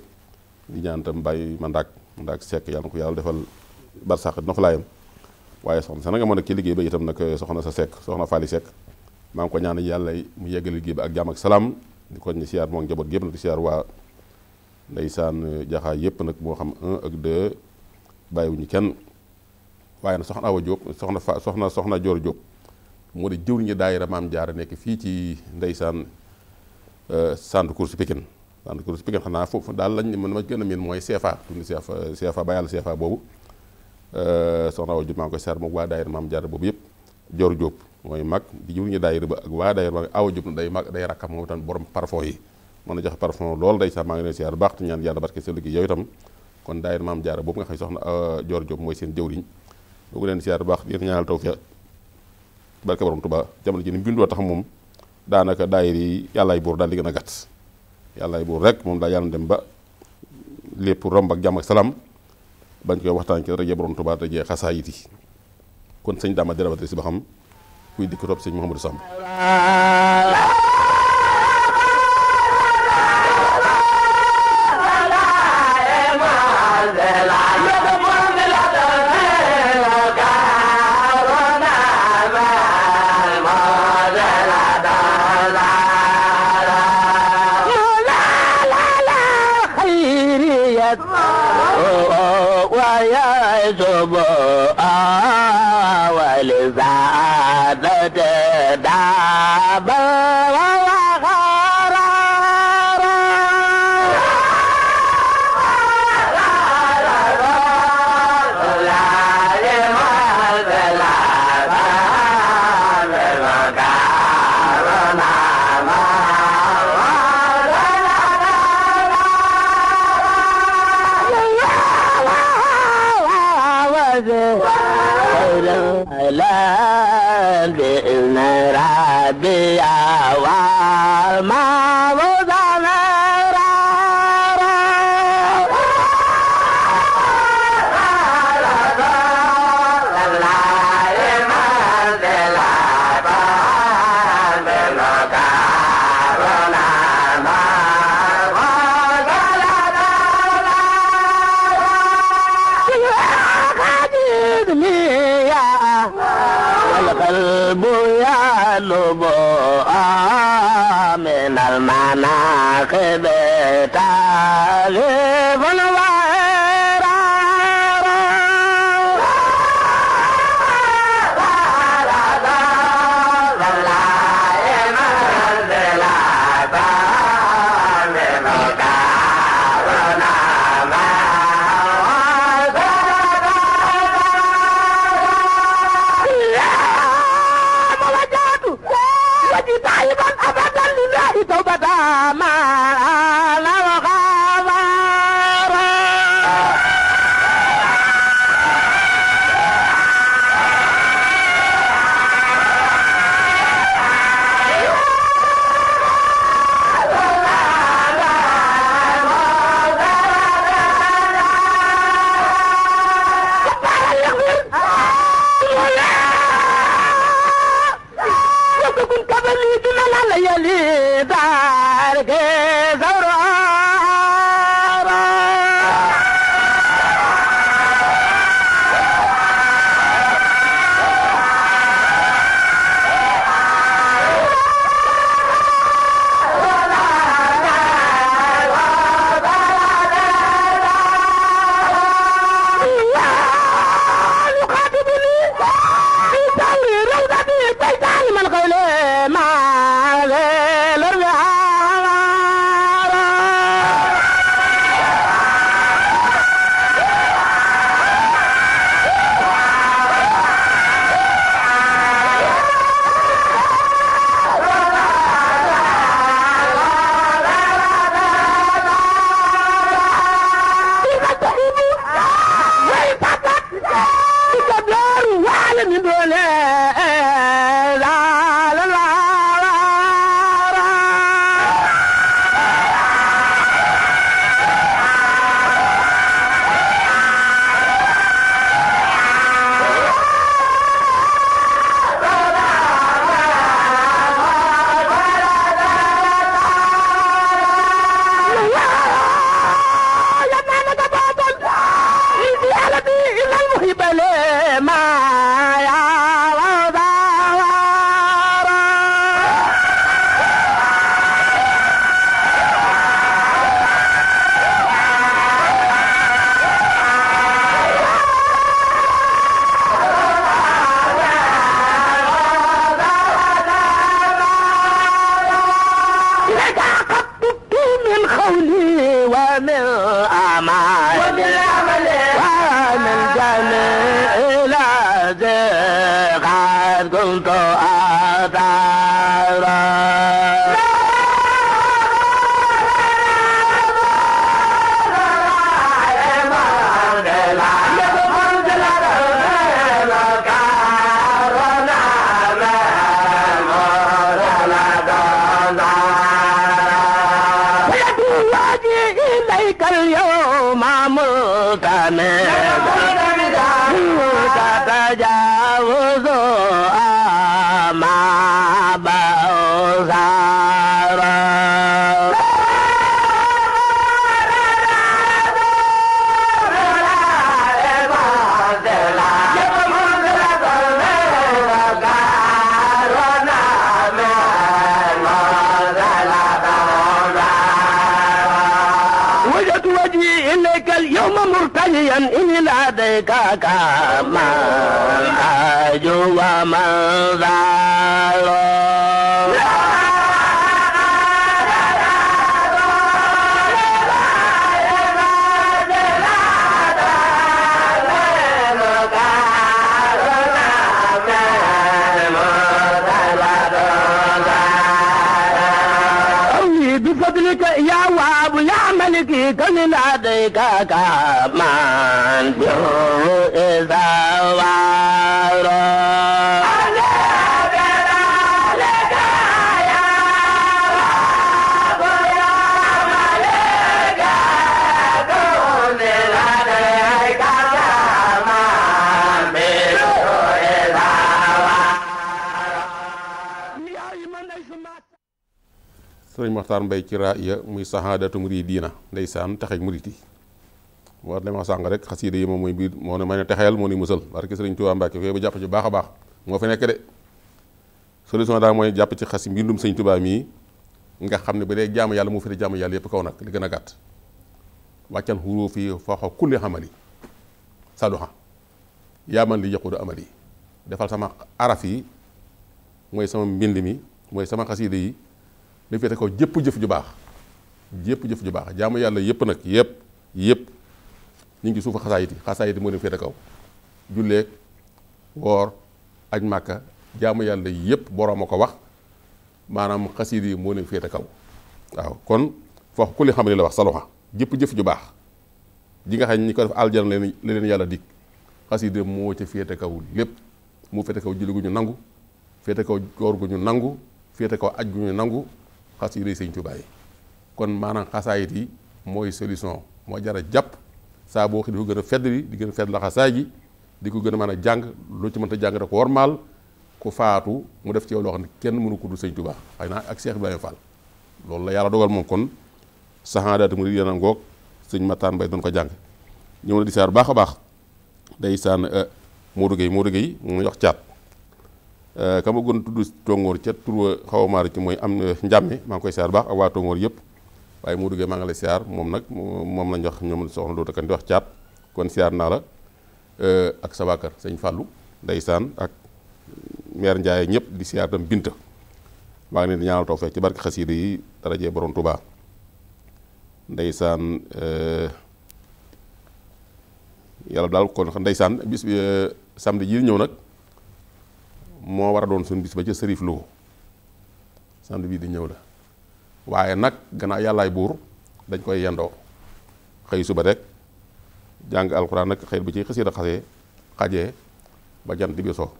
Speaker 3: di ñaan tam bay ma ndaak ndaak Seck yalla nako yalla defal bar sax nako layam waye soxna sa nga mën a ki liggéey ba itam nak euh, soxna sa Seck soxna fali Seck ma ko ñaan yalla mu yeggal liggéey ba ak jam ak salam di ko siyaar moom njaboot gépp nag di siyaar waa ndeysaan euh, jaxaay yëpp nag moo xam un ak deux bàyyiwuñu kenn waaye nag soxna Awa Diop soxna fa soxna soxna Dior Diop moo di jëwriñu daayira maam jaara nekk fii ci ndeysaan euh, centre course Pikine centre course Pikine xanaa foofu daal lañ man ma gën a miin mooy CFA tuuti CFA CFA ba yàlla CFA boobu euh, soxna Awa Diop maa ngi koy seer moom waa daayira maam jaara boobu yëpp Dior Diop moy mag di jur ñu daayira ba ak wa daayira ba aw jup day mag day rakam mo tan borom parfum yi mën a jox parfum loolu day sa mag ne ci yar baax te ñaan yalla barke ci liggey yow itam kon daayir maam jaara boobu nga xey soxna jor euh, jop moy seen jëwriñ len ci yar bax di ñaanal tawfiq barke borom tuba jamal ji ni bindu tax mom danaka daayir yi yalla ay bur dal gën a yalla ay bur rek mom da yàlla dem ba lepp romb ak jam ak salam bañ koy waxtaan ci rajo borom tuba rajo xasaayit xasaayiti kon sëñ daama dérabate ci ba xam kuy dikk rob sëñ Mouhamadou Samb Maxtaar Mbay ci raaya muy sahaadatu muridina ndeysaan texeeg murit yi war le sang rek xasiida yi mom moy biir mo ne mayna ne mo ni musal barke serigne touba Mbàkke fe bu japp ci baxa bax mo fi nek de solution da moy japp ci khassi mbindum serigne touba mi nga xamne ne de dee yalla mo fi de jaamu yàlla kaw nak li gëna gatt waccal hurufi fa kha kulli ya man li yaqulu amali defal sama arafi, moy sama mbindimi moy sama xasiida yi dañu féete kaw jëpp jëf ju baax jëpp jëf ju baax jaamu yàlla yëpp nag yëpp yëpp ñu ngi suufa xasaayit yi moo leen féete kaw julleeg woor aj màkka jaamu yàlla yëpp boroom a ko wax maanaam xasiid yi moo leen féete kaw waaw kon foo ku li xam ne la wax saluxa jëpp jëf ju baax ji nga xam ñi ko def aljana leen leen yàlla dikk xasiid yi moo ca féete kaw lépp mu féete kaw julli ñu nangu féete kaw koor gu ñu nangu féete kaw aj gu ñu nangu xasida yi sëñ Tuubaa yi kon maanaam xasaayit yi mooy solution moo jar jàpp saa boo xi ko gën a fedd li di gën a fedd la xasaay ji di ko gën a mën a jàng lu ci mënta jàng da ko warmaal ko faatu mu def ci yow loo xam kenn mënu ko dul sëñ Tuubaa xëy na ak Cheikh Ibrahima Fall loolu la yàlla dogal moom kon saxaadaati mu di yéen a ngoog sëñ Mataan Mbay doon ko jàng ñëw na di saar baax a baax day saan eh, Modou Gueye Modou Gueye mu ngi wax caat Eh, kamu gën tudd tongor ca turu xaw ci am eh, njàmme ma ngi koy siyaar baax ak waa tongoor yëpp waaye mu duggee maa ngi lay siyaar moom nag moom lañ wax ñoom soxna Dóor kan di wax kon siyaar naa la eh, ak sa waa kër sëñ Fallou ak mer Ndiaye ñëpp di siyaar tam Binta maa ngi ñaanal tawfeex ci barke xasiida yi darajee borom Touba ndeysaan yàlla daal kon ndaysan bis bi samedi yi ñew nak moo war a doon suñu bis ba ca Serif Lo samedi bii di ñëw la waaye nag gannaaw yàllaay buur dañ koy yendoo xëy suba rek jàng alxuraan nag xëy bu ci xasida xasee xajee ba jant bi so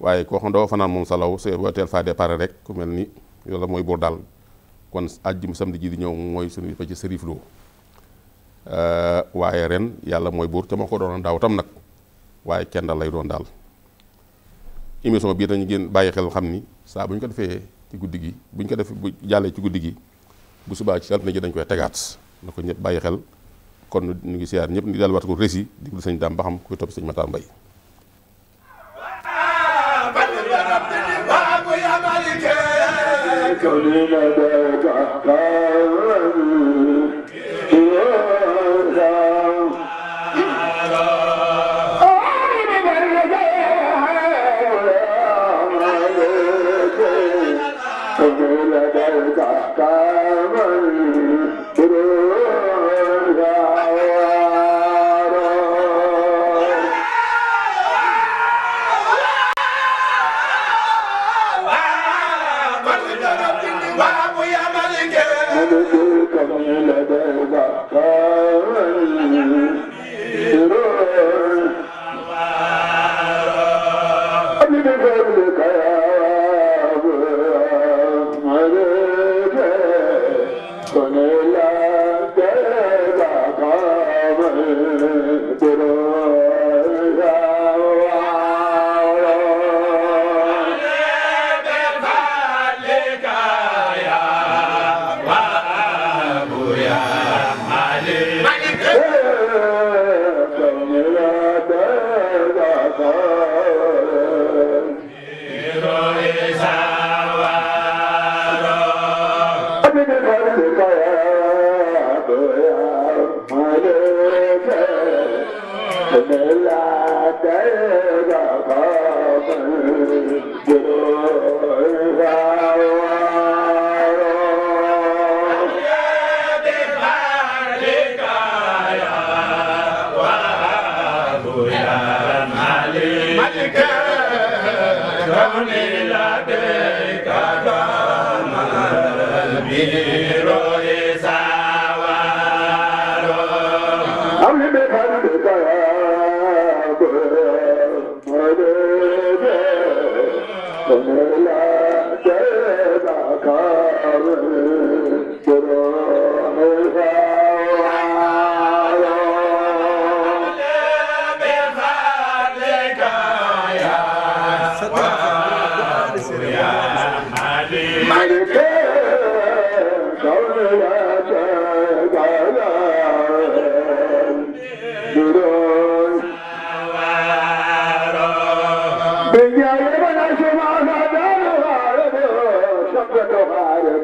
Speaker 3: waaye koo xam doo fanaan moom salaw see boo teel faa départ rek ku mel ni yàlla mooy buur daal kon àjjum samedi ji di ñëw mooy suñu bis ba ci Serif Lo waaye ren yàlla mooy buur te moo ko doon daaw tam nag waaye kenn lay doon daal émission bii dañu nyi gin xel xam kamni saa bu ñu ko defee ci guddi gi bu ñu ko def bu jàllee ci guddi gi bu subaa ci na gi dañ koy tegaat na ko ñëpp bàyyi xel kon ñu ngi siyaar ñëpp di daal waat ko rési diglu sëñ daam ba xam kuy topp sëñ Matar Mbay كوني
Speaker 5: لديك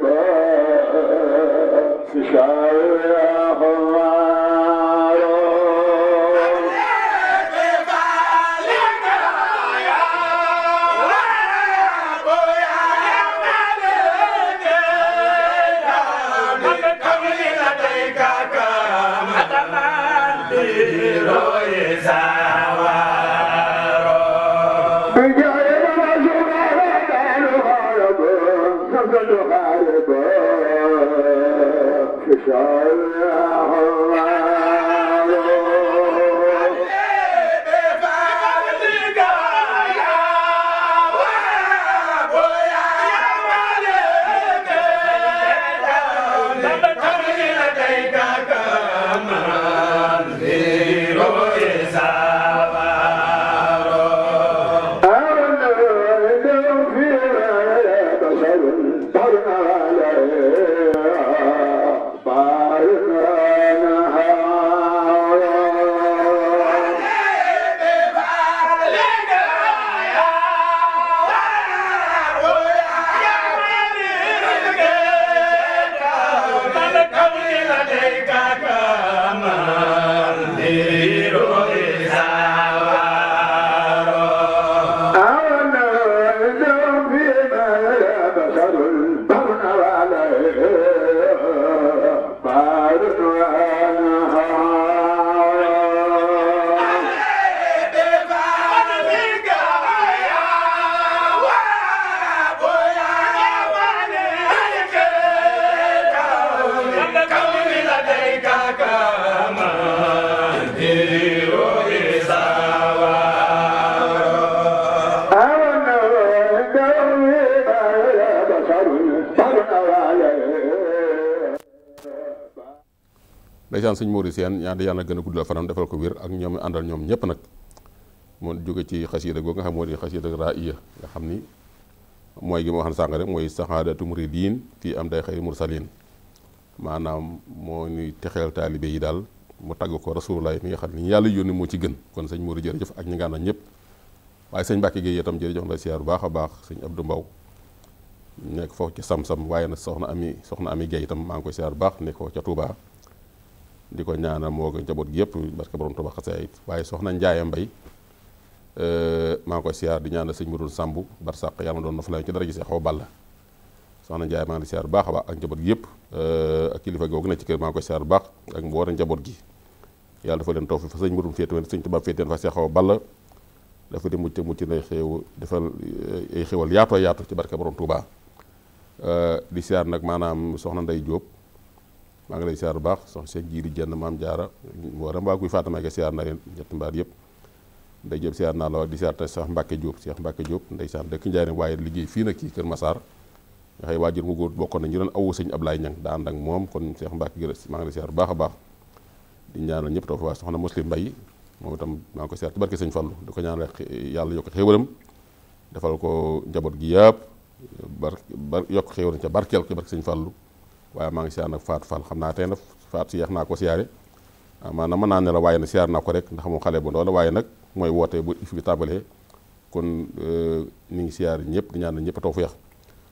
Speaker 5: Roy
Speaker 4: is
Speaker 3: ñaan sëñ Mori Seen ñaan di yàlla gën a guddal fanam defal ko wér ak ñoom àndal ñoom ñëpp nag moo jóge ci xasida googu nga xam moo di xasida raiya nga xam ni mooy gi ma waxoon sànq rek mooy saxaadatu muridin fii am day xëy mursalin maanaam moo ñuy texeel taalibe yi daal mu tagg ko rasulullah mi nga xam ne yàlla ni moo ci gën kon sëñ Mori jërëjëf ak ñi nga àndal ñëpp waaye sëñ Mbàkke tam itam jox na siyaar bu baax a baax sëñ Abdou Mbaw nekk foofu ci sam-sam waaye nag soxna ami soxna ami Géey itam maa ngi baax nekk foofu ca Touba di ko ñaanal moo ko njaboot gi yëpp parce que borom Tuubaa xasee it waaye soxna Ndiaye Mbaye euh, maa ngi koy siyaar di ñaanal sëñ Mourou Samb barsàq yàlla na doon noflaay ci dara gisee xaw balla soxna Ndiaye maa ngi siyaar bu baax a baax ak njaboot gi yëpp euh, ak kilifa googu ne ci kër maa ngi koy siyaar bu njaboot gi yàlla dafa leen taw fi fa sëñ Mourou féete woon sëñ Tuubaa féete woon fa see xaw dafa di mucc mucc nay xéew defal ay xéwal yaatoo yaatu ci barke borom Tuubaa euh, di siyaar nag maanaam soxna Ndey Jóob maa ngi lay siyaar bu baax sox Cheikh Jiiri Jenn maam jaara wara mbaa kuy faatamake na ñetti mbaar yëpp nday jëp siyaar naa la wax di siyaar te sax Mbàkke Jóob Cheikh Mbàkke Jóob ndeysaan dëkk Njaareen waaye liggéey fii nag ci Kër Masaar nga xëy waajur mu góor bokkoon na ñu doon awu sëñ Ablaay Ñang daa ak moom kon Cheikh Mbàkke gërë maa ngi lay siyaar a baax di ñaanal ñëpp taw fa waa soxna Muslim Mbay moom itam maa ngi ko siyaar ci barke sëñ Fallu di ko ñaan rek yàlla yokk xéewalam defal ko njaboot gi yëpp bar yokk xéewalam ca barkeel ko ca barke Fallu waaye maa ngi siyaar nag faat fan xam naa tey nag Fatou si yeex naa ko siyaare ah, maanaam ma naa ne la waaye nag siyaar naa ko rek ndax moom xale bu ndaw la waaye nag mooy woote bu if bi tàmbalee kon euh, ñu ngi siyaar ñëpp di ñaan ñëpp a tawfeex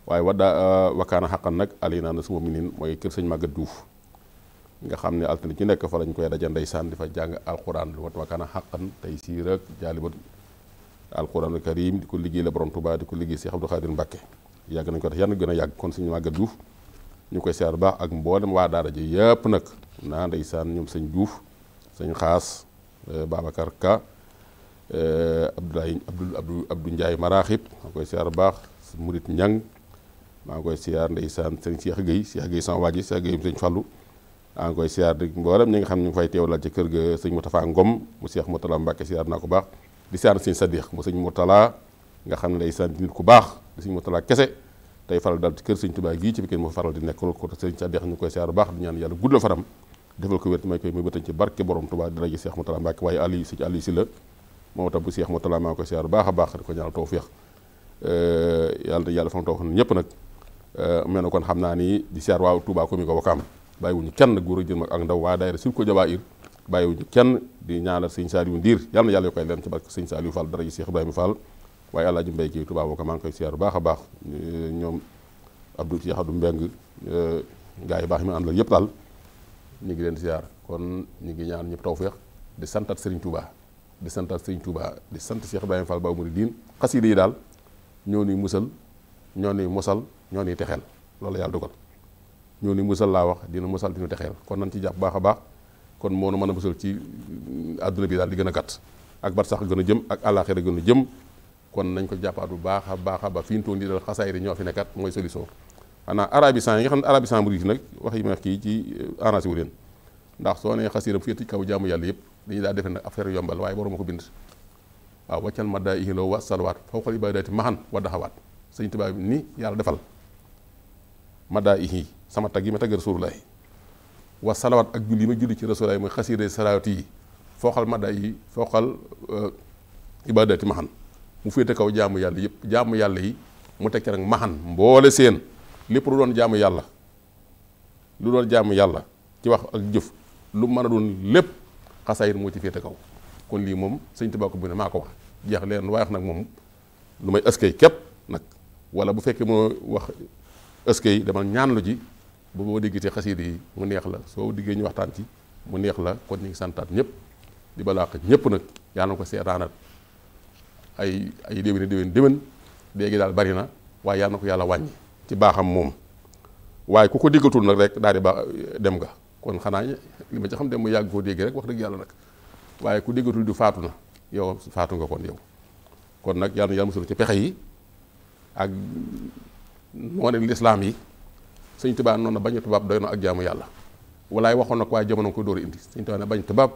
Speaker 3: waaye waddaa euh, wakkaana xaqan nag ali naa na suma minin mooy kër sëñ Maguette Diouf nga xam ne altine ci nekk fa lañ koy daja ndeysaan di fa jàng alquran lu wat wakkaana xaqan tey siir ak jaalibat alquranul karim di ko liggéey la borom Tuubaa di ko liggéey Cheikh Abdou Khadir Mbacké yàgg nañ yan gën a yàgg kon sëñ Maguette Diouf ñu koy seer baax ak mboolem waa daara ji yëpp nag naa ndeysaan ñoom sëñ Diouf sëñ Xaas euh, Babacar Ka euh, Abdoulaye Abdou Abdou Abdou Ndiaye Maraxib maa koy siyaar bu baax Murit Ñang maa ngi koy siyaar ndeysaan sëñ Cheikh Gueye Cheikh Gueye sama waa ji Cheikh Gueye sëñ Fallou maa ngi koy siyaar di mboolem ñi nga xam ne ñu fay teewlal ci kër ga sëñ Moustapha Ngom mu Cheikh Moutala Mbacke siyaar naa ko baax di siyaar sa Sadiq mu sëñ Moutala nga xam ne ndeysaan di nit ku baax di sëñ Moutala kese tey faral daal ci kër sëñ Tuubaa gii ci Pikine moo faral di nekk loolu ko sëñ Sadio xam ñu koy siyaar baax di ñaan yàlla guddal faram defal ko wér may koy muy bëtañ ci barke borom Tuubaa di rajo Cheikh Moutala Mbacke la moom tam a baax di mu toog eh, ñëpp nag eh, mel kon xam naa ni di siyaar waa Tuubaa ko mi ko wakaam bàyyiwuñu kenn góor ak jëm ak ndaw waa daayira sib ko jawaayir bàyyiwuñu kenn di ñaanal sëñ Saliou Ndiir yàlla na yàlla yo koy leen ci barke sëñ Saliou Fall dara ji Cheikh waaye alaaji mbay kii tubaab boo ko maa ngi koy siyaar bu baax a baax e, ñoom abdou ci yaxadu mbeng e, gaa yi baax yi ma la yëpp daal ñu ngi leen siyaar kon ñu ngi ñaan ñëpp tawfeex di santat sëriñ Touba di santat sëriñ Touba di sant Cheikh Ibrahima Fall Baou Mouridine xasida yi daal ñoo ni musal ñoo ni mosal ñoo ni texeel loolu yàlla dogal ñoo ni musal laa wax dina musal dina texeel kon nan ci jàpp baax a baax kon moo nu mën a musal ci mm, àdduna bi daal di gën a gàtt ak bar sax gën a jëm ak àllaaxira gën a jëm kon nañ ko jàppaat bu baax a baax a ba fi ñu toog nii dal xasaay di ñoo fi nekkat mooy solution xanaa arabisant yi nga xam ne arabisant bu nag wax yi ma wax kii ci arrangé wu leen ndax soo nee xasiiram féeti yëpp dañuy daal defe nag affaire yombal waaye borom a ko bind waaw waccal ma daa ihiloo wa salwaat fawqal ibadaati maxan wa daxawaat sëñ Tuubaa bi ni yàlla defal ma daa ihi sama tag yi ma tagg rasulullaahi wa salawaat ak julli yi ma julli ci rasulullaahi mooy xasiire salawaat yi fooxal ma daa yi fooxal euh, ibadaati maxan mu féete kaw jaamu yàlla yëpp jaamu yàlla yi mu teg ci maxan mboole seen lépp lu doon jaamu yàlla lu doon jaamu yàlla ci wax ak jëf lu mën a doon lépp xasaayit moo ci féete kaw kon lii moom sëñ Tuubaa ko bu ne maa ko wax jeex leen waaye nag moom lu may askay képp nag wala bu fekkee moo wax askay demal ñaanlu ji bu boo déggitee xasiida yi mu neex la soo diggee ñu waxtaan ci mu neex la kon ñu ngi santaat ñëpp di balaax ñëpp nag yaa na ko seetaanat ay ay déwéni déwén déwén léegi daal bari na waaye yàlla na ko yàlla wàññi ci baaxam moom waaye ku ko déggatul nag rek daal di ba dem nga kon xanaa li ma ci xam dem mu yàgg koo dégg rek wax dëgg yàlla nag waaye ku déggatul di faatu na yow faatu nga kon yow kon nag yàlla na yàlla musul ci pexe yi ak noone lislaam yi sëñ tubaab noonu bañ a tubaab doy na ak jaamu yàlla walaay waxoon nag waaye jamono ko dóor a indi sëñ tubaab ne bañ tubaab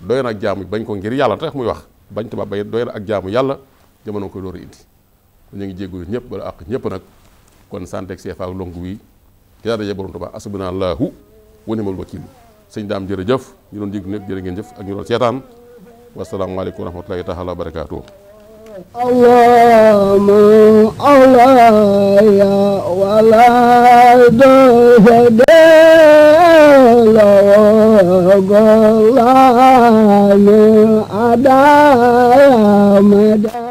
Speaker 3: doy na ak jaamu bañ ko ngir yàlla tax muy wax bañ tubaab bay na ak jaamu yàlla jamono koy door a indi ñu ngi jéggulu ñëpp bala àq ñëpp nag kon santeeg CFA ak lonk wi yaa dajee borom tubaab asbuna allahu wa nimal wakiil sëñ daam jërëjëf ñu doon jéglu ñëpp jërë ngeen jëf ak ñu doon seetaan wasalaamualeykum wa rahmatullahi taala wa barakaatu
Speaker 4: الله من أولاي ولا دهد لو قلان
Speaker 2: أدايا